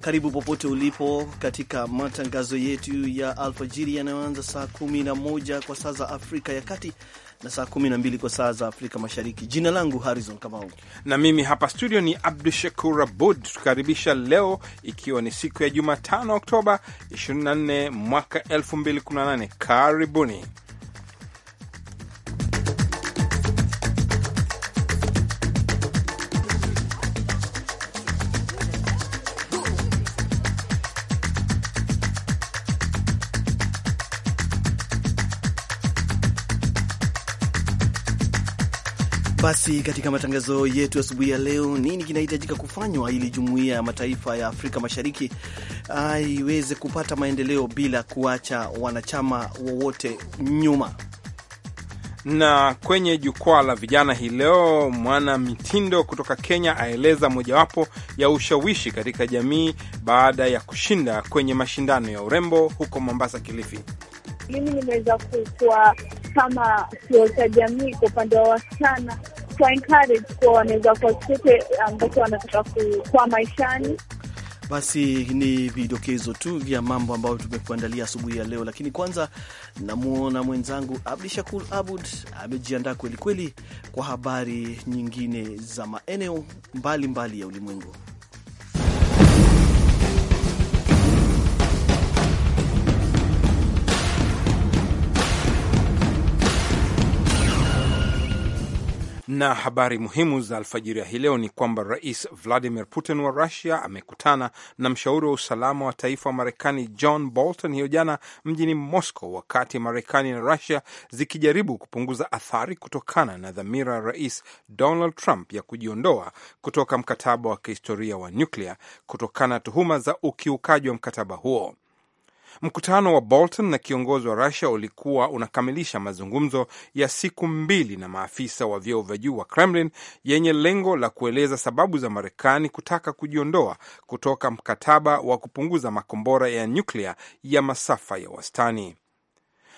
Karibu popote ulipo katika matangazo yetu ya alfajiri yanayoanza saa 11 kwa saa za Afrika ya Kati na saa 12 kwa saa za Afrika Mashariki. Jina langu Harrison Kamau na mimi hapa studio ni Abdu Shakur Abud, tukaribisha leo, ikiwa ni siku ya Jumatano Oktoba 24 mwaka 2018. Karibuni. Basi katika matangazo yetu asubuhi ya leo, nini kinahitajika kufanywa ili jumuiya ya mataifa ya Afrika Mashariki ah, iweze kupata maendeleo bila kuacha wanachama wowote nyuma? Na kwenye jukwaa la vijana hii leo, mwana mitindo kutoka Kenya aeleza mojawapo ya ushawishi katika jamii baada ya kushinda kwenye mashindano ya urembo huko Mombasa, Kilifi. Mimi nimeweza kukua kama chuo cha jamii kwa upande wa wasichana kwa encourage kuwa wanaweza kuwa chochote ambacho wanataka kwa maishani. Basi ni vidokezo tu vya mambo ambayo tumekuandalia asubuhi ya leo, lakini kwanza namwona mwenzangu Abdi Shakur Abud amejiandaa kwelikweli kwa habari nyingine za maeneo mbalimbali ya ulimwengu. Na habari muhimu za alfajiri ya hii leo ni kwamba Rais Vladimir Putin wa Russia amekutana na mshauri wa usalama wa taifa wa Marekani John Bolton hiyo jana mjini Moscow, wakati Marekani na Russia zikijaribu kupunguza athari kutokana na dhamira ya Rais Donald Trump ya kujiondoa kutoka mkataba wa kihistoria wa nyuklia kutokana na tuhuma za ukiukaji wa mkataba huo. Mkutano wa Bolton na kiongozi wa Rusia ulikuwa unakamilisha mazungumzo ya siku mbili na maafisa wa vyeo vya juu wa Kremlin yenye lengo la kueleza sababu za Marekani kutaka kujiondoa kutoka mkataba wa kupunguza makombora ya nyuklia ya masafa ya wastani.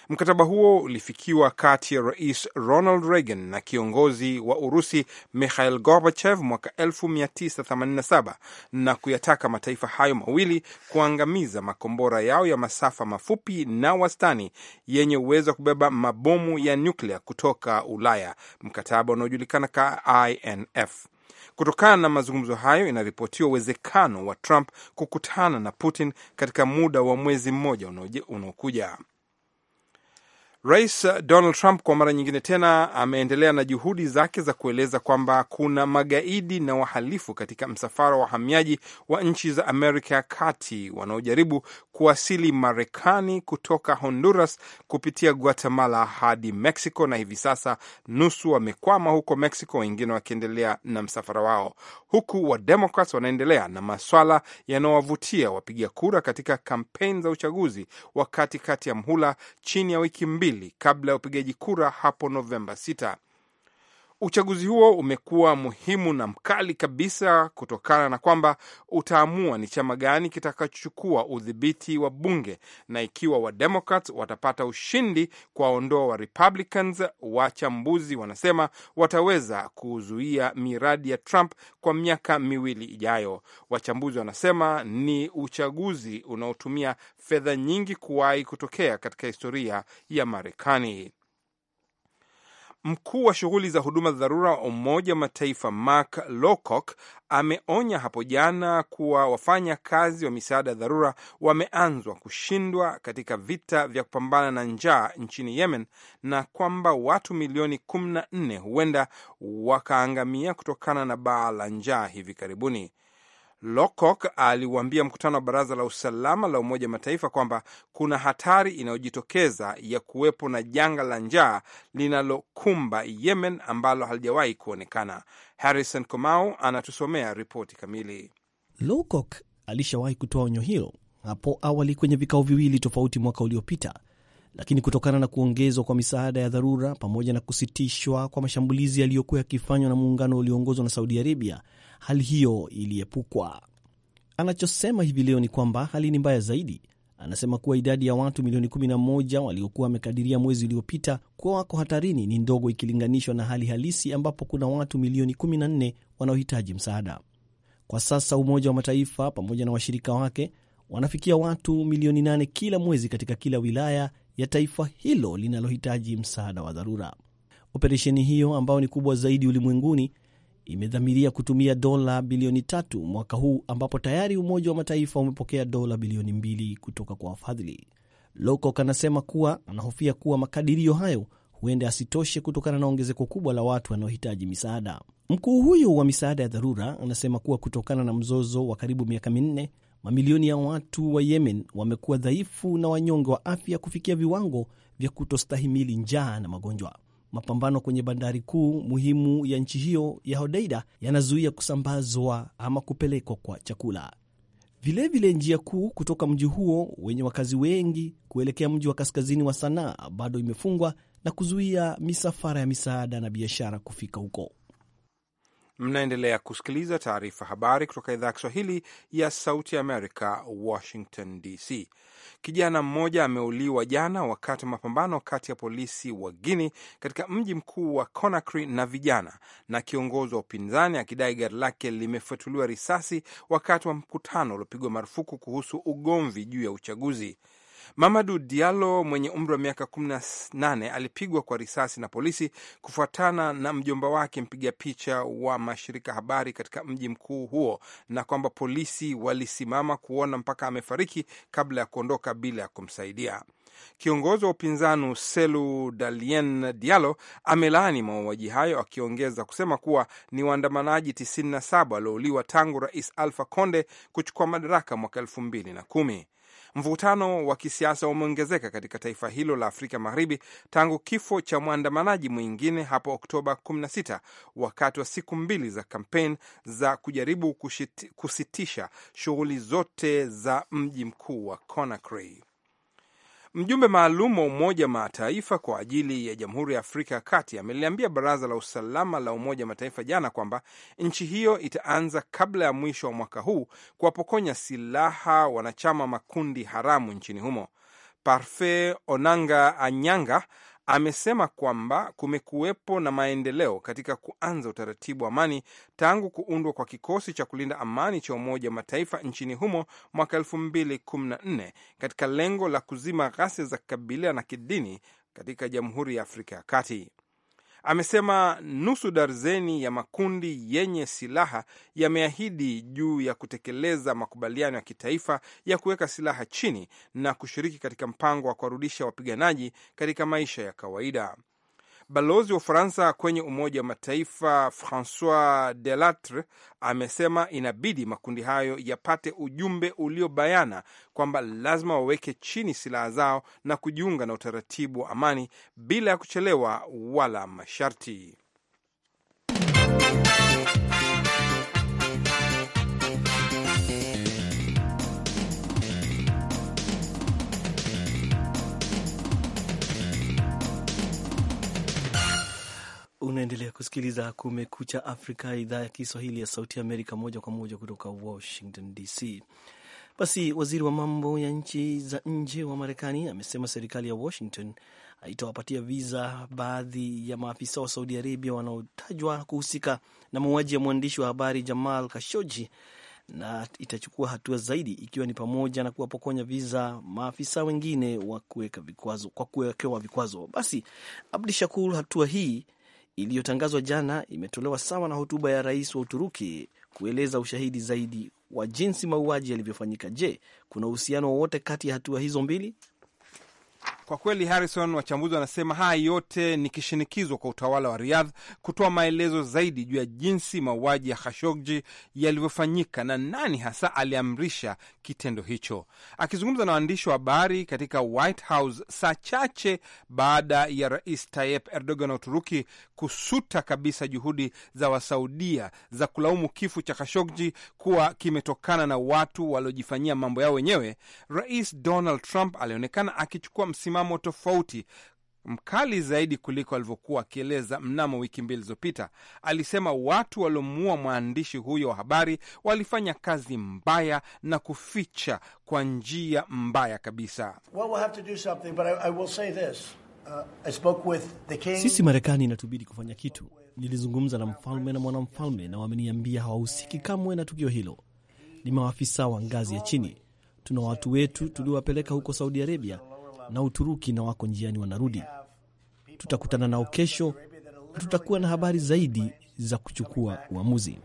Mkataba huo ulifikiwa kati ya Rais Ronald Reagan na kiongozi wa Urusi Mikhail Gorbachev mwaka 1987 na kuyataka mataifa hayo mawili kuangamiza makombora yao ya masafa mafupi na wastani yenye uwezo wa kubeba mabomu ya nyuklia kutoka Ulaya, mkataba unaojulikana ka INF. Kutokana na mazungumzo hayo, inaripotiwa uwezekano wa Trump kukutana na Putin katika muda wa mwezi mmoja unaokuja. Rais Donald Trump kwa mara nyingine tena ameendelea na juhudi zake za kueleza kwamba kuna magaidi na wahalifu katika msafara wa wahamiaji wa nchi za Amerika ya Kati wanaojaribu kuwasili Marekani kutoka Honduras kupitia Guatemala hadi Mexico, na hivi sasa nusu wamekwama huko Mexico, wengine wakiendelea na msafara wao, huku wademokrat wanaendelea na maswala yanayowavutia wapiga kura katika kampeni za uchaguzi wa katikati ya mhula chini ya wiki mbili mbili kabla ya upigaji kura hapo Novemba 6. Uchaguzi huo umekuwa muhimu na mkali kabisa kutokana na kwamba utaamua ni chama gani kitakachochukua udhibiti wa bunge na ikiwa Wademokrats watapata ushindi kuwaondoa wa Republicans. Wachambuzi wanasema wataweza kuzuia miradi ya Trump kwa miaka miwili ijayo. Wachambuzi wanasema ni uchaguzi unaotumia fedha nyingi kuwahi kutokea katika historia ya Marekani. Mkuu wa shughuli za huduma za dharura wa Umoja wa Mataifa Mark Lowcock ameonya hapo jana kuwa wafanya kazi wa misaada ya dharura wameanzwa kushindwa katika vita vya kupambana na njaa nchini Yemen na kwamba watu milioni 14 huenda wakaangamia kutokana na baa la njaa hivi karibuni. Lowcock aliuambia mkutano wa baraza la usalama la Umoja Mataifa kwamba kuna hatari inayojitokeza ya kuwepo na janga la njaa linalokumba Yemen ambalo halijawahi kuonekana. Harrison Komau anatusomea ripoti kamili. Lowcock alishawahi kutoa onyo hilo hapo awali kwenye vikao viwili tofauti mwaka uliopita, lakini kutokana na kuongezwa kwa misaada ya dharura pamoja na kusitishwa kwa mashambulizi yaliyokuwa yakifanywa na muungano ulioongozwa na Saudi Arabia hali hiyo iliepukwa. Anachosema hivi leo ni kwamba hali ni mbaya zaidi. Anasema kuwa idadi ya watu milioni 11 waliokuwa wamekadiria mwezi uliopita kuwa wako hatarini ni ndogo ikilinganishwa na hali halisi ambapo kuna watu milioni 14 wanaohitaji msaada. Kwa sasa Umoja wa Mataifa pamoja na washirika wake wanafikia watu milioni 8 kila mwezi katika kila wilaya ya taifa hilo linalohitaji msaada wa dharura. Operesheni hiyo ambayo ni kubwa zaidi ulimwenguni imedhamiria kutumia dola bilioni tatu mwaka huu ambapo tayari Umoja wa Mataifa umepokea dola bilioni mbili kutoka kwa wafadhili. Lowcock anasema kuwa anahofia kuwa makadirio hayo huenda asitoshe kutokana na ongezeko kubwa la watu wanaohitaji misaada. Mkuu huyu wa misaada ya dharura anasema kuwa kutokana na mzozo wa karibu miaka minne, mamilioni ya watu wa Yemen wamekuwa dhaifu na wanyonge wa afya kufikia viwango vya kutostahimili njaa na magonjwa. Mapambano kwenye bandari kuu muhimu ya nchi hiyo ya Hodeida yanazuia kusambazwa ama kupelekwa kwa chakula. Vilevile vile njia kuu kutoka mji huo wenye wakazi wengi kuelekea mji wa kaskazini wa Sanaa bado imefungwa na kuzuia misafara ya misaada na biashara kufika huko. Mnaendelea kusikiliza taarifa habari kutoka idhaa ya Kiswahili ya Sauti Amerika, Washington DC. Kijana mmoja ameuliwa jana wakati wa mapambano kati ya polisi wa Guinea katika mji mkuu wa Conakry na vijana, na kiongozi wa upinzani akidai gari lake limefuatuliwa risasi wakati wa mkutano uliopigwa marufuku kuhusu ugomvi juu ya uchaguzi. Mamadu Diallo mwenye umri wa miaka 18 alipigwa kwa risasi na polisi kufuatana na mjomba wake mpiga picha wa mashirika habari katika mji mkuu huo, na kwamba polisi walisimama kuona mpaka amefariki kabla ya kuondoka bila ya kumsaidia. Kiongozi wa upinzani Selu Dalien Diallo amelaani mauaji hayo, akiongeza kusema kuwa ni waandamanaji 97 waliouliwa tangu Rais Alpha Conde kuchukua madaraka mwaka e21 Mvutano wa kisiasa umeongezeka katika taifa hilo la Afrika Magharibi tangu kifo cha mwandamanaji mwingine hapo Oktoba 16 wakati wa siku mbili za kampeni za kujaribu kusitisha shughuli zote za mji mkuu wa Conakry. Mjumbe maalum wa Umoja Mataifa kwa ajili ya Jamhuri ya Afrika ya Kati ameliambia Baraza la Usalama la Umoja Mataifa jana kwamba nchi hiyo itaanza kabla ya mwisho wa mwaka huu kuwapokonya silaha wanachama makundi haramu nchini humo. Parfait Onanga Anyanga amesema kwamba kumekuwepo na maendeleo katika kuanza utaratibu wa amani tangu kuundwa kwa kikosi cha kulinda amani cha Umoja wa Mataifa nchini humo mwaka nne katika lengo la kuzima ghasia za kikabila na kidini katika Jamhuri ya Afrika ya Kati. Amesema nusu darzeni ya makundi yenye silaha yameahidi juu ya kutekeleza makubaliano ya kitaifa ya kuweka silaha chini na kushiriki katika mpango wa kuwarudisha wapiganaji katika maisha ya kawaida. Balozi wa Ufaransa kwenye Umoja wa Mataifa Francois Delattre amesema inabidi makundi hayo yapate ujumbe uliobayana kwamba lazima waweke chini silaha zao na kujiunga na utaratibu wa amani bila ya kuchelewa wala masharti. Unaendelea kusikiliza Kumekucha Afrika, idhaa ya Kiswahili ya Sauti Amerika, moja kwa moja kutoka Washington DC. Basi waziri wa mambo ya nchi za nje wa Marekani amesema serikali ya Washington haitawapatia viza baadhi ya maafisa wa Saudi Arabia wanaotajwa kuhusika na mauaji ya mwandishi wa habari Jamal Kashoji na itachukua hatua zaidi ikiwa ni pamoja na kuwapokonya viza maafisa wengine wa kuweka vikwazo, kwa kuwekewa vikwazo. Basi Abdi Shakur, hatua hii iliyotangazwa jana imetolewa sawa na hotuba ya rais wa Uturuki kueleza ushahidi zaidi wa jinsi mauaji yalivyofanyika. Je, kuna uhusiano wowote kati ya hatua hizo mbili? Kwa kweli, Harrison, wachambuzi wanasema haya yote ni kishinikizwa kwa utawala wa Riyadh kutoa maelezo zaidi juu ya jinsi mauaji ya Khashoggi yalivyofanyika na nani hasa aliamrisha kitendo hicho. Akizungumza na waandishi wa habari katika White House saa chache baada ya Rais Tayyip Erdogan wa Uturuki kusuta kabisa juhudi za Wasaudia za kulaumu kifo cha Khashoggi kuwa kimetokana na watu waliojifanyia mambo yao wenyewe, Rais Donald Trump alionekana akichukua msimamo msimamo tofauti mkali zaidi kuliko alivyokuwa akieleza mnamo wiki mbili zilizopita. Alisema watu waliomuua mwandishi huyo wa habari walifanya kazi mbaya na kuficha kwa njia mbaya kabisa. Uh, Sisi Marekani inatubidi kufanya kitu. Nilizungumza na mfalme na mwanamfalme na wameniambia hawahusiki kamwe na tukio hilo, ni maafisa wa ngazi ya chini. Tuna watu wetu tuliowapeleka huko Saudi Arabia na Uturuki na wako njiani wanarudi. Tutakutana nao kesho, tutakuwa na habari zaidi za kuchukua uamuzi.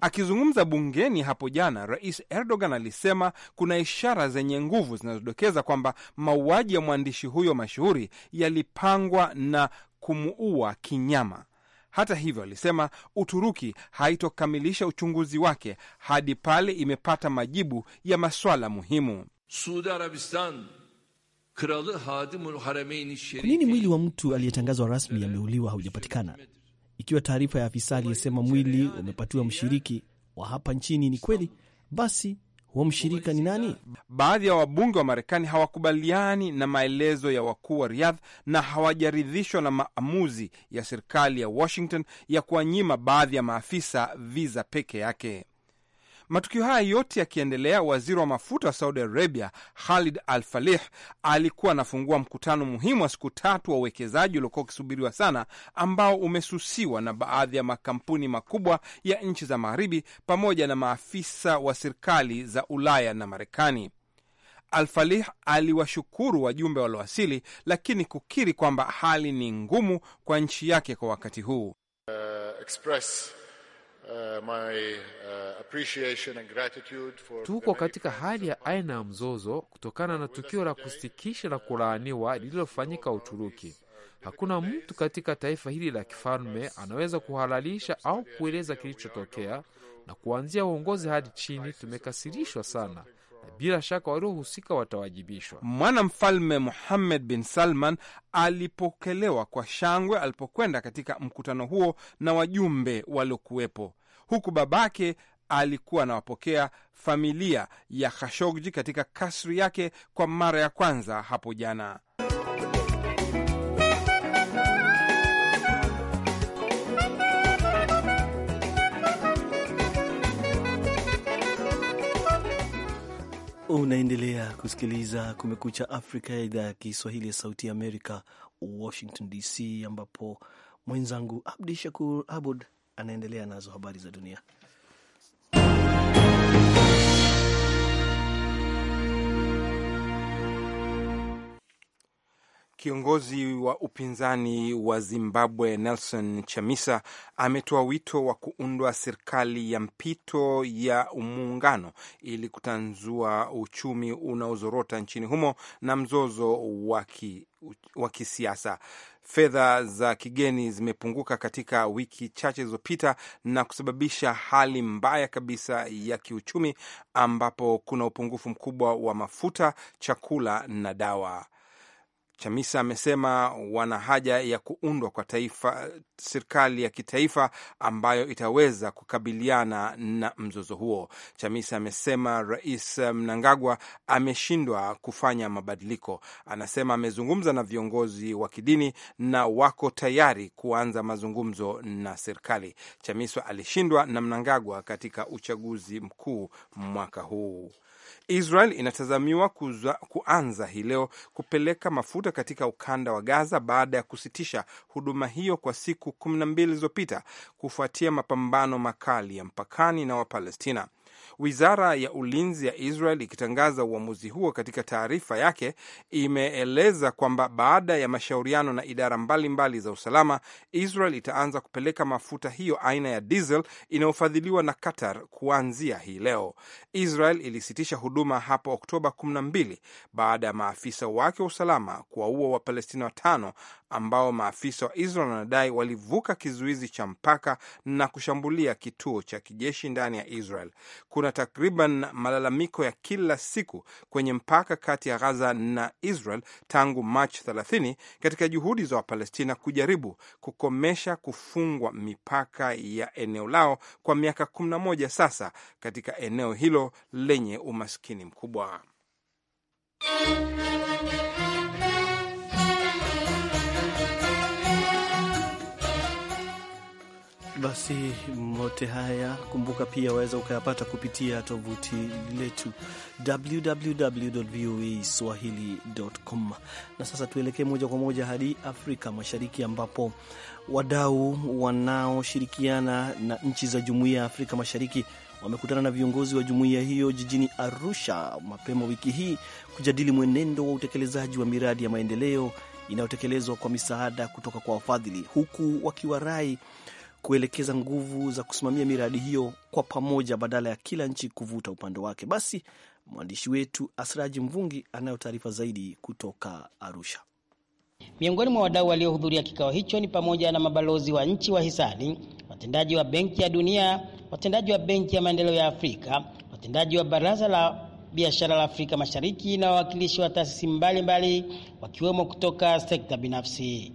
Akizungumza bungeni hapo jana, Rais Erdogan alisema kuna ishara zenye nguvu zinazodokeza kwamba mauaji ya mwandishi huyo mashuhuri yalipangwa na kumuua kinyama. Hata hivyo, alisema Uturuki haitokamilisha uchunguzi wake hadi pale imepata majibu ya maswala muhimu. Saudi Arabistan kwa nini mwili wa mtu aliyetangazwa rasmi ameuliwa haujapatikana? Ikiwa taarifa ya afisa aliyesema mwili umepatiwa mshiriki wa hapa nchini ni kweli, basi wa mshirika ni nani? Baadhi ya wabunge wa Marekani hawakubaliani na maelezo ya wakuu wa Riyadh na hawajaridhishwa na maamuzi ya serikali ya Washington ya kuwanyima baadhi ya maafisa viza peke yake. Matukio haya yote yakiendelea, waziri wa mafuta wa Saudi Arabia Khalid Al Falih alikuwa anafungua mkutano muhimu wa siku tatu wa uwekezaji uliokuwa ukisubiriwa sana, ambao umesusiwa na baadhi ya makampuni makubwa ya nchi za Magharibi pamoja na maafisa wa serikali za Ulaya na Marekani. Al-Falih aliwashukuru wajumbe waliowasili, lakini kukiri kwamba hali ni ngumu kwa nchi yake kwa wakati huu. Uh, express Uh, my, uh, appreciation and gratitude for tuko katika hali ya aina ya mzozo kutokana na tukio la kustikisha la kulaaniwa lililofanyika Uturuki. Hakuna mtu katika taifa hili la kifalme anaweza kuhalalisha au kueleza kilichotokea, na kuanzia uongozi hadi chini tumekasirishwa sana na bila shaka waliohusika watawajibishwa. Mwanamfalme Muhammed bin Salman alipokelewa kwa shangwe alipokwenda katika mkutano huo na wajumbe waliokuwepo, huku babake alikuwa anawapokea familia ya Khashogji katika kasri yake kwa mara ya kwanza hapo jana. Unaendelea kusikiliza Kumekucha Afrika ya idhaa ya Kiswahili ya Sauti ya Amerika, Washington DC, ambapo mwenzangu Abdi Shakur Abud anaendelea nazo habari za dunia. Kiongozi wa upinzani wa Zimbabwe Nelson Chamisa ametoa wito wa kuundwa serikali ya mpito ya muungano ili kutanzua uchumi unaozorota nchini humo na mzozo wa kisiasa. Fedha za kigeni zimepunguka katika wiki chache zilizopita na kusababisha hali mbaya kabisa ya kiuchumi ambapo kuna upungufu mkubwa wa mafuta, chakula na dawa. Chamisa amesema wana haja ya kuundwa kwa taifa, serikali ya kitaifa ambayo itaweza kukabiliana na mzozo huo. Chamisa amesema Rais Mnangagwa ameshindwa kufanya mabadiliko. Anasema amezungumza na viongozi wa kidini na wako tayari kuanza mazungumzo na serikali. Chamisa alishindwa na Mnangagwa katika uchaguzi mkuu mwaka huu. Israel inatazamiwa kuza, kuanza hii leo kupeleka mafuta katika ukanda wa Gaza baada ya kusitisha huduma hiyo kwa siku kumi na mbili zilizopita kufuatia mapambano makali ya mpakani na Wapalestina. Wizara ya ulinzi ya Israel ikitangaza uamuzi huo katika taarifa yake imeeleza kwamba baada ya mashauriano na idara mbalimbali mbali za usalama, Israel itaanza kupeleka mafuta hiyo aina ya diesel inayofadhiliwa na Qatar kuanzia hii leo. Israel ilisitisha huduma hapo Oktoba 12 baada ya maafisa wake wa usalama kuwaua Wapalestina watano ambao maafisa wa Israel wanadai walivuka kizuizi cha mpaka na kushambulia kituo cha kijeshi ndani ya Israel. Kuna kuna takriban malalamiko ya kila siku kwenye mpaka kati ya Gaza na Israel tangu Machi 30 katika juhudi za Wapalestina kujaribu kukomesha kufungwa mipaka ya eneo lao kwa miaka 11 sasa katika eneo hilo lenye umaskini mkubwa. Basi mote haya kumbuka, pia waweza ukayapata kupitia tovuti letu swahilicom Na sasa tuelekee moja kwa moja hadi Afrika Mashariki, ambapo wadau wanaoshirikiana na nchi za Jumuiya ya Afrika Mashariki wamekutana na viongozi wa jumuiya hiyo jijini Arusha mapema wiki hii kujadili mwenendo wa utekelezaji wa miradi ya maendeleo inayotekelezwa kwa misaada kutoka kwa wafadhili, huku wakiwarai kuelekeza nguvu za kusimamia miradi hiyo kwa pamoja badala ya kila nchi kuvuta upande wake. Basi mwandishi wetu Asraji Mvungi anayo taarifa zaidi kutoka Arusha. Miongoni mwa wadau waliohudhuria kikao hicho ni pamoja na mabalozi wa nchi wa hisani, watendaji wa Benki ya Dunia, watendaji wa Benki ya Maendeleo ya Afrika, watendaji wa Baraza la Biashara la Afrika Mashariki na wawakilishi wa taasisi mbalimbali wakiwemo kutoka sekta binafsi.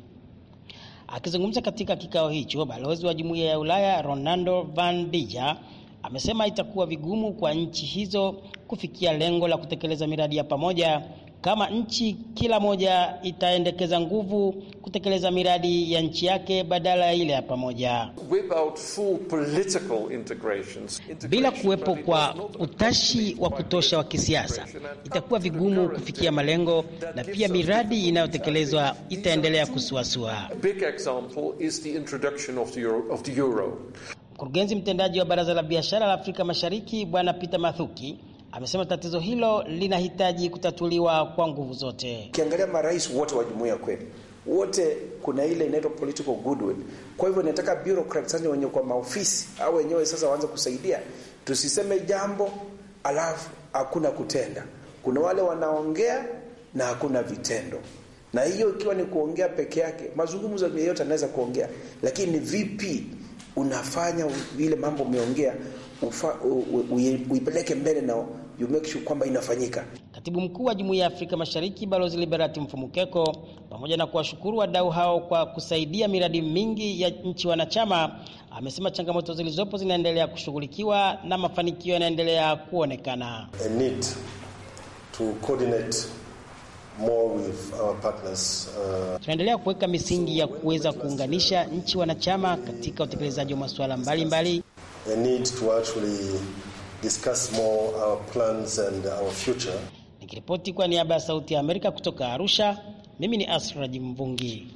Akizungumza katika kikao hicho, balozi wa jumuiya ya Ulaya Ronaldo Van Dija amesema itakuwa vigumu kwa nchi hizo kufikia lengo la kutekeleza miradi ya pamoja kama nchi kila moja itaendekeza nguvu kutekeleza miradi ya nchi yake badala ya ile ya pamoja. Bila kuwepo kwa utashi wa kutosha wa kisiasa, itakuwa vigumu kufikia malengo, na pia miradi inayotekelezwa itaendelea kusuasua. Mkurugenzi mtendaji wa Baraza la Biashara la Afrika Mashariki Bwana Peter Mathuki amesema tatizo hilo linahitaji kutatuliwa kwa nguvu zote. Ukiangalia marais wote wa jumuiya kweli wote kuna ile inaitwa political goodwill. Kwa hivyo nataka bureaucrats sasa wenye kwa maofisi au wenyewe sasa waanze kusaidia, tusiseme jambo alafu hakuna kutenda. Kuna wale wanaongea na hakuna vitendo, na hiyo ikiwa ni kuongea peke yake, mazungumzo yote anaweza kuongea, lakini ni vipi unafanya vile mambo umeongea uipeleke mbele na you make sure kwamba inafanyika. Katibu mkuu wa Jumuiya ya Afrika Mashariki Balozi Liberati Mfumukeko, pamoja na kuwashukuru wadau hao kwa kusaidia miradi mingi ya nchi wanachama, amesema changamoto zilizopo zinaendelea kushughulikiwa na mafanikio yanaendelea kuonekana. A need to coordinate Uh, tunaendelea kuweka misingi ya kuweza kuunganisha nchi wanachama katika utekelezaji wa masuala mbalimbali discuss more our plans and our future. Nikiripoti kwa niaba ya Sauti ya Amerika kutoka Arusha, mimi ni Asraji Mvungi.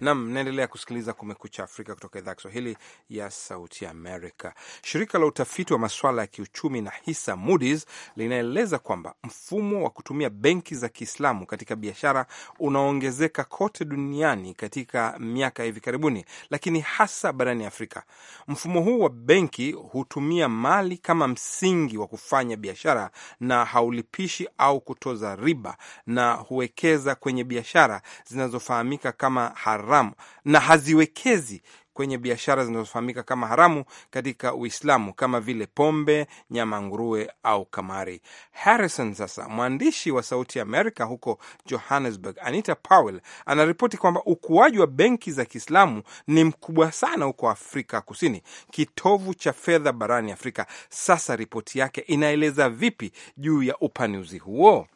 Nam, naendelea kusikiliza Kumekucha Afrika kutoka idhaa ya Kiswahili ya Sauti Amerika. Shirika la utafiti wa masuala ya kiuchumi na hisa Moody's linaeleza kwamba mfumo wa kutumia benki za Kiislamu katika biashara unaongezeka kote duniani katika miaka ya hivi karibuni, lakini hasa barani Afrika. Mfumo huu wa benki hutumia mali kama msingi wa kufanya biashara na haulipishi au kutoza riba na huwekeza kwenye biashara zinazofahamika kama haramu na haziwekezi kwenye biashara zinazofahamika kama haramu katika Uislamu kama vile pombe, nyama nguruwe au kamari. Harrison sasa, mwandishi wa Sauti ya Amerika huko Johannesburg, Anita Powell anaripoti kwamba ukuaji wa benki za Kiislamu ni mkubwa sana huko Afrika Kusini, kitovu cha fedha barani Afrika. Sasa ripoti yake inaeleza vipi juu ya upanuzi huo?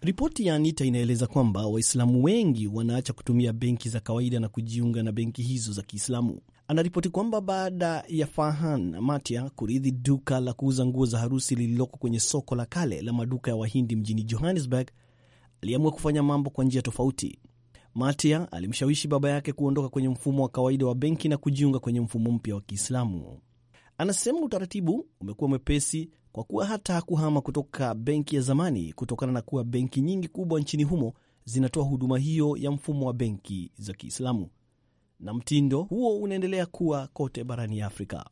Ripoti ya Anita inaeleza kwamba Waislamu wengi wanaacha kutumia benki za kawaida na kujiunga na benki hizo za Kiislamu. Anaripoti kwamba baada ya Fahan Matia kurithi duka la kuuza nguo za harusi lililoko kwenye soko la kale la maduka ya Wahindi mjini Johannesburg, aliamua kufanya mambo kwa njia tofauti. Matia alimshawishi baba yake kuondoka kwenye mfumo wa kawaida wa benki na kujiunga kwenye mfumo mpya wa Kiislamu. Anasema utaratibu umekuwa mwepesi kwa kuwa hata hakuhama kutoka benki ya zamani kutokana na kuwa benki nyingi kubwa nchini humo zinatoa huduma hiyo ya mfumo wa benki za Kiislamu na mtindo huo unaendelea kuwa kote barani Afrika.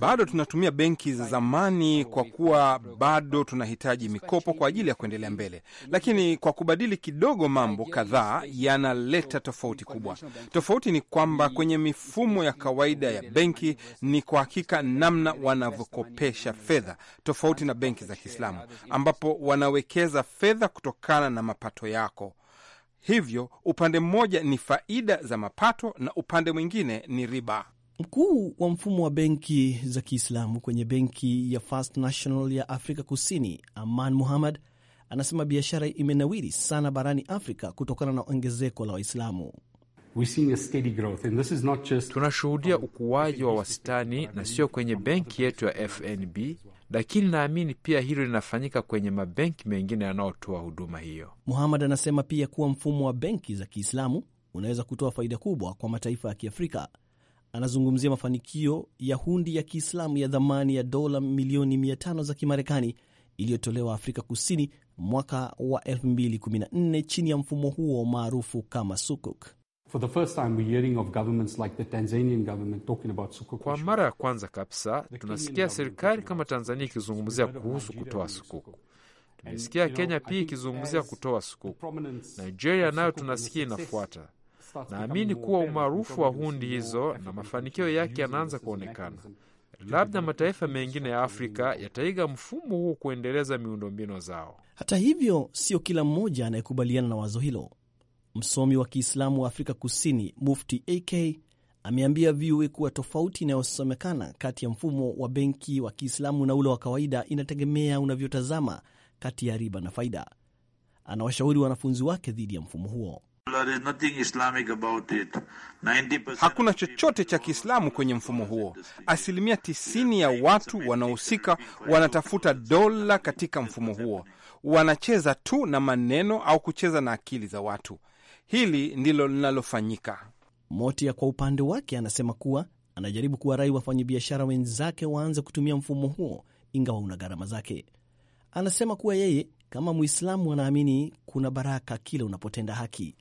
bado tunatumia benki za zamani kwa kuwa bado tunahitaji mikopo kwa ajili ya kuendelea mbele, lakini kwa kubadili kidogo mambo kadhaa yanaleta tofauti kubwa. Tofauti ni kwamba kwenye mifumo ya kawaida ya benki ni kwa hakika namna wanavyokopesha fedha, tofauti na benki za Kiislamu ambapo wanawekeza fedha kutokana na mapato yako. Hivyo upande mmoja ni faida za mapato na upande mwingine ni riba. Mkuu wa mfumo wa benki za Kiislamu kwenye benki ya First National ya Afrika Kusini, Aman Muhammad, anasema biashara imenawiri sana barani Afrika kutokana na ongezeko la Waislamu. Just... tunashuhudia ukuaji wa wastani na sio kwenye benki yetu ya FNB lakini naamini pia hilo linafanyika kwenye mabenki mengine yanayotoa huduma hiyo. Muhamad anasema pia kuwa mfumo wa benki za Kiislamu unaweza kutoa faida kubwa kwa mataifa ya Kiafrika. Anazungumzia mafanikio ya hundi ya Kiislamu ya dhamani ya dola milioni 500 za Kimarekani iliyotolewa Afrika Kusini mwaka wa 2014 chini ya mfumo huo maarufu kama sukuk. Kwa mara ya kwanza kabisa tunasikia serikali kama Tanzania ikizungumzia kuhusu kutoa sukuku. Tumesikia Kenya pia ikizungumzia kutoa sukuku. Nigeria nayo tunasikia inafuata. Naamini kuwa umaarufu wa hundi hizo na mafanikio yake yanaanza kuonekana. Labda mataifa mengine ya Afrika yataiga mfumo huu kuendeleza miundombinu zao. Hata hivyo, sio kila mmoja anayekubaliana na wazo hilo. Msomi wa Kiislamu wa Afrika Kusini Mufti AK ameambia VOA kuwa tofauti inayosomekana kati ya mfumo wa benki wa Kiislamu na ule wa kawaida inategemea unavyotazama kati ya riba na faida. Anawashauri wanafunzi wake dhidi ya mfumo huo. Hakuna chochote cha Kiislamu kwenye mfumo huo. Asilimia 90 ya watu wanaohusika wanatafuta dola katika mfumo huo, wanacheza tu na maneno au kucheza na akili za watu hili ndilo linalofanyika. Motia kwa upande wake anasema kuwa anajaribu kuwarai wafanyabiashara wenzake waanze kutumia mfumo huo, ingawa una gharama zake. Anasema kuwa yeye kama Mwislamu anaamini kuna baraka kile unapotenda haki.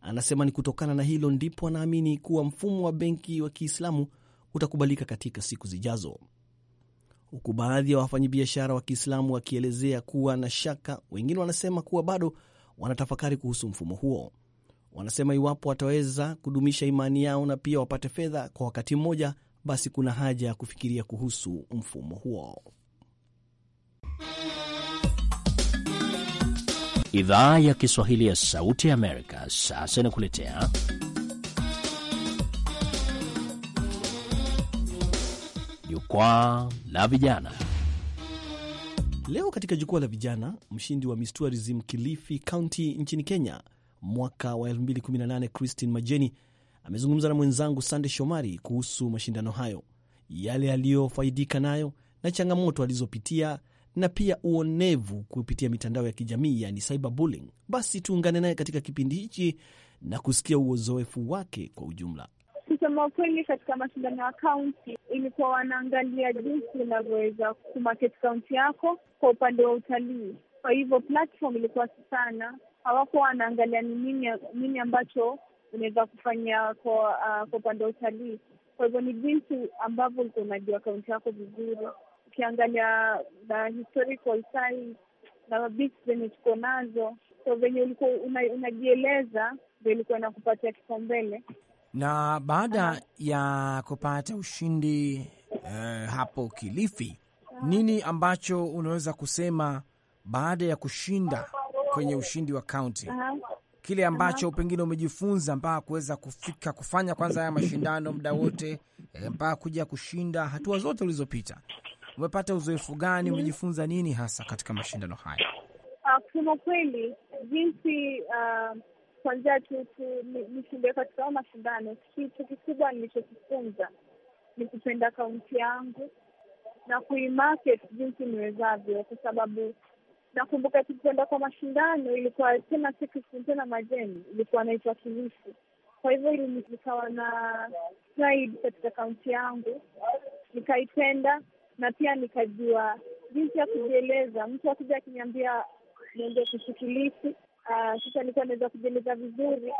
Anasema ni kutokana na hilo ndipo anaamini kuwa mfumo wa benki wa Kiislamu utakubalika katika siku zijazo, huku baadhi ya wafanyabiashara wa Kiislamu wakielezea kuwa na shaka. Wengine wanasema kuwa bado wanatafakari kuhusu mfumo huo. Wanasema iwapo wataweza kudumisha imani yao na pia wapate fedha kwa wakati mmoja, basi kuna haja ya kufikiria kuhusu mfumo huo. Idhaa ya Kiswahili ya Sauti ya Amerika sasa inakuletea Jukwaa la Vijana. Leo katika Jukwaa la Vijana, mshindi wa Miss Tourism Kilifi County nchini Kenya mwaka wa 2018 Christine Majeni amezungumza na mwenzangu Sande Shomari kuhusu mashindano hayo, yale aliyofaidika nayo na changamoto alizopitia na pia uonevu kupitia mitandao ya kijamii yani cyberbullying. Basi tuungane naye katika kipindi hichi na kusikia uzoefu wake kwa ujumla. Kusema ukweli, katika mashindano ya kaunti ilikuwa wanaangalia jinsi unavyoweza kumarket kaunti yako kwa upande wa utalii. Kwa hivyo platform ilikuwa sana hawakuwa wanaangalia ni nini, nini ambacho unaweza kufanya kwa uh, upande wa utalii. Kwa hivyo ni jinsi ambavyo ulikuwa unajua kaunti yako vizuri, ukiangalia na historical na beach zenye tuko nazo, so venye ulikuwa unajieleza ndio ilikuwa inakupatia kipaumbele. Na baada ya kupata ushindi uh, hapo Kilifi, nini ambacho unaweza kusema baada ya kushinda kwenye ushindi wa kaunti, uh-huh. kile ambacho pengine umejifunza mpaka kuweza kufika kufanya kwanza haya mashindano muda wote eh, mpaka kuja kushinda hatua zote ulizopita, umepata uzoefu gani? Umejifunza nini hasa katika mashindano haya? Ah, kusema kweli, jinsi ah, kwanzia tu nishinde katika mashindano, kitu kikubwa nilichokifunza ni kupenda kaunti yangu na kuimarket jinsi niwezavyo, kwa sababu Nakumbuka tukienda kwa mashindano, ilikuwa tena si tena Majeni, ilikuwa naitwa Kilifi. Kwa hivyo ili nikawa na pride katika kaunti yangu, nikaipenda na pia nikajua jinsi ya kujieleza. Mtu akija akiniambia niende kushikilisi ah, sasa nilikuwa naweza kujieleza vizuri,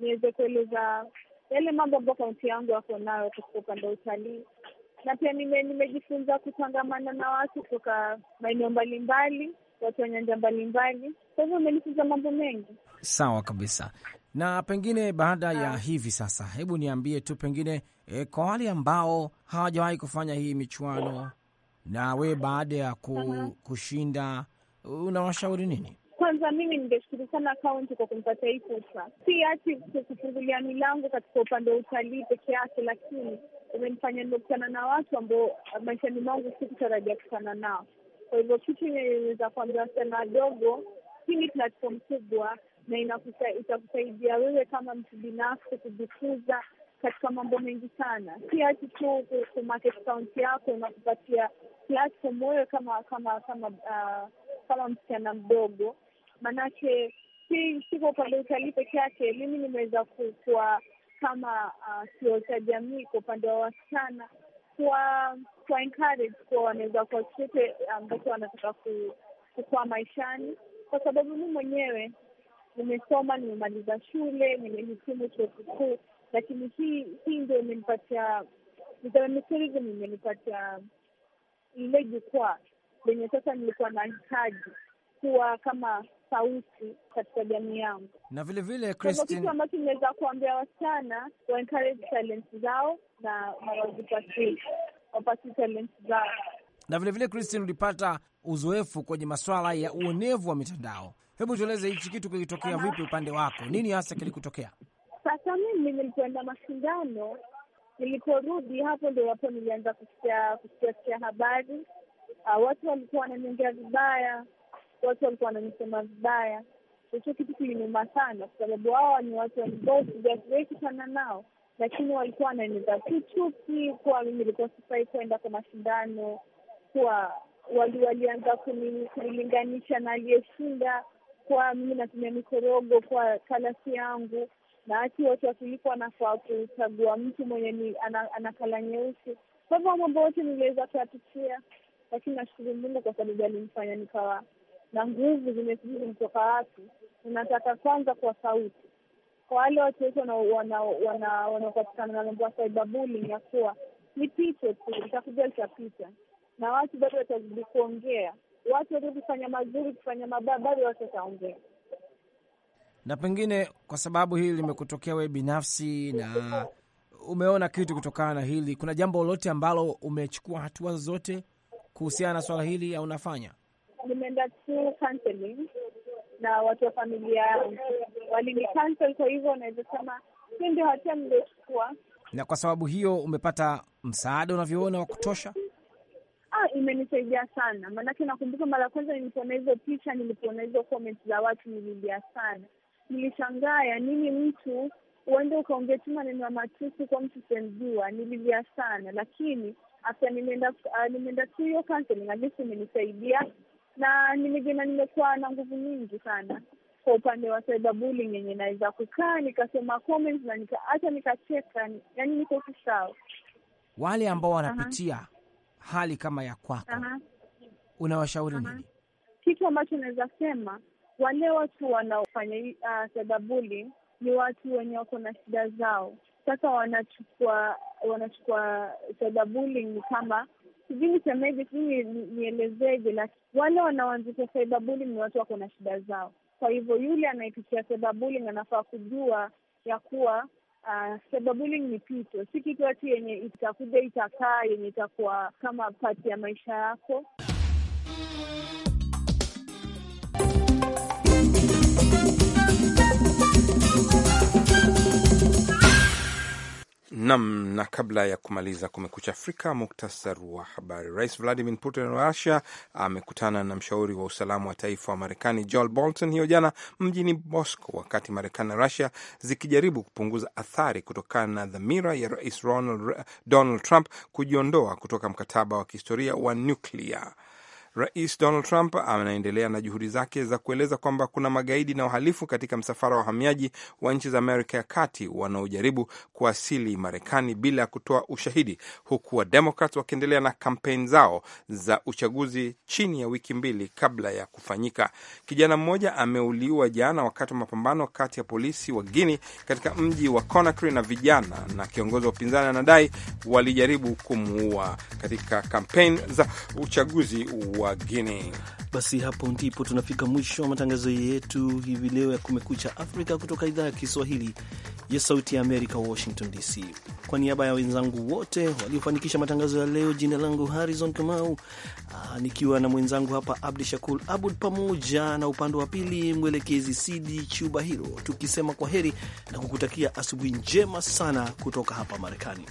niweze kueleza yale mambo ambayo kaunti yangu yako nayo katika upande wa utalii na pia nimejifunza kutangamana na watu kutoka maeneo mbalimbali, watu wa nyanja mbalimbali. Kwa hivyo imenifunza mambo mengi. Sawa kabisa. Na pengine baada ya ah. hivi sasa, hebu niambie tu pengine e, kwa wale ambao hawajawahi kufanya hii michuano na we baada ya ku, kushinda unawashauri nini? Kwanza mimi ningeshukuru sana kaunti kwa kumpatia hii fursa, si ati kufungulia milango katika upande wa utalii peke yake, lakini umenifanya nimekutana na watu ambao maishani mwangu sikutarajia kukutana nao. Kwa hivyo kitu inaweza kuambia wasichana wadogo, hii ni platform kubwa na itakusaidia wewe kama mtu binafsi kujikuza katika mambo mengi sana, si ati tu kumarket kaunti yako inakupatia platform wewe kama kama kama uh, kama msichana mdogo Manake si siko upande utalii peke yake, mimi nimeweza kukua kama ah, kio cha jamii kwa upande wa wasichana kwa kwa encourage kuwa wanaweza kuwa chochote ambacho wanataka kukua maishani, kwa sababu mi mwenyewe nimesoma, nimemaliza shule, nimehitimu chuo kikuu, lakini hii hii ndio imenipatia tourism, imenipatia ile jukwaa lenye sasa nilikuwa hitaji kuwa kama sauti katika jamii yangu, na vile vile Christine, kitu ambacho inaweza kuambia wasichana wa encourage talent zao na wazipatie wapati talent zao. Na vile vile Christine, ulipata uzoefu kwenye maswala ya uonevu wa mitandao. Hebu tueleze hichi kitu kilitokea vipi upande wako? Nini hasa kilikutokea? Sasa mimi nilipoenda mashindano, niliporudi hapo ndio wapo nilianza kusikia habari. Uh, watu walikuwa wananiongea vibaya watu walikuwa wananisema vibaya. Hicho kitu kiliniuma sana, kwa sababu wao ni watu wasiweki sana nao, lakini walikuwa wanaeneza tu chuki kuwa mimi nilikuwa sifai kwenda kwa mashindano, kuwa walianza kunilinganisha na aliyeshinda, kuwa mimi natumia mikorogo kwa kalasi yangu na hati wote wakilipwa wanafaa kuchagua mtu mwenye ni ana, kala nyeusi. Kwa hivyo mambo yote niliweza kuyapitia, lakini nashukuru Mungu kwa sababu alinifanya nikawa na nguvu zimezidi kutoka wapi, tunataka kwanza kwa sauti kwa wale watu wetu wanaopatikana na mambo ya cyberbullying, ya kuwa ni picha tu, itakuja litapita, na watu bado watazidi kuongea. Watu walio kufanya mazuri, kufanya mabaya, bado watu wataongea. Na pengine kwa sababu hili limekutokea wewe binafsi na umeona kitu kutokana na hili, kuna jambo lolote ambalo umechukua hatua zozote kuhusiana na swala hili au unafanya nimeenda tu counseling na watu wa familia walini cancel, kwa hivyo naweza sema hii ndio hatia niliochukua. Na kwa sababu hiyo umepata msaada unavyoona wa kutosha? Ah, imenisaidia sana, maanake nakumbuka mara ya kwanza nilipoona hizo picha, nilipoona hizo comments za watu nililia sana. Nilishangaa ya nini mtu uende ukaongea tu maneno ya matusi kwa mtu semjua, nililia sana, lakini after nimeenda uh, nimeenda tu hiyo counseling alisi imenisaidia na nimejina nimekuwa na nguvu nyingi sana kwa upande wa cyberbullying yenye naweza kukaa nikasema comments na hata nikacheka, yani niko sawa. Wale ambao wanapitia uh -huh. hali kama ya kwako uh -huh. unawashauri uh -huh. nini? Kitu ambacho naweza sema wale watu wanaofanya uh, ah, cyberbullying ni watu wenye wako na shida zao. Sasa wanachukua wanachukua cyberbullying kama sijui nisemeje, sijui nielezeje, lakini wale wanaoanzisha cyberbullying ni watu wako na shida zao. Kwa hivyo yule anayepitia cyberbullying anafaa kujua ya kuwa Uh, ah, cyberbullying ni pito, si kitu hati yenye itakuja itakaa yenye itakuwa kama pati ya maisha yako. Nam, na kabla ya kumaliza Kumekucha Afrika, muktasari wa habari. Rais Vladimir Putin wa Russia amekutana na mshauri wa usalama wa taifa wa Marekani Joel Bolton hiyo jana mjini Moscow, wakati Marekani na Russia zikijaribu kupunguza athari kutokana na dhamira ya Rais Ronald, Donald Trump kujiondoa kutoka mkataba wa kihistoria wa nuklia. Rais Donald Trump anaendelea na juhudi zake za kueleza kwamba kuna magaidi na wahalifu katika msafara wa wahamiaji wa nchi za Amerika ya kati wanaojaribu kuwasili Marekani bila ya kutoa ushahidi, huku Wademokrat wakiendelea na kampeni zao za uchaguzi chini ya wiki mbili kabla ya kufanyika. Kijana mmoja ameuliwa jana wakati wa mapambano kati ya polisi wa Guini katika mji wa Conakry na vijana, na kiongozi wa upinzani anadai walijaribu kumuua katika kampeni za uchaguzi wa wageni. Basi hapo ndipo tunafika mwisho wa matangazo yetu hivi leo ya Kumekucha Afrika kutoka idhaa ya Kiswahili ya Sauti ya Amerika, Washington DC. Kwa niaba ya wenzangu wote waliofanikisha matangazo ya leo, jina langu Harrison Kamau, aa, ah, nikiwa na mwenzangu hapa Abdi Shakur Abud, pamoja na upande wa pili mwelekezi Sidi Chuba Hiro, tukisema kwa heri na kukutakia asubuhi njema sana kutoka hapa Marekani.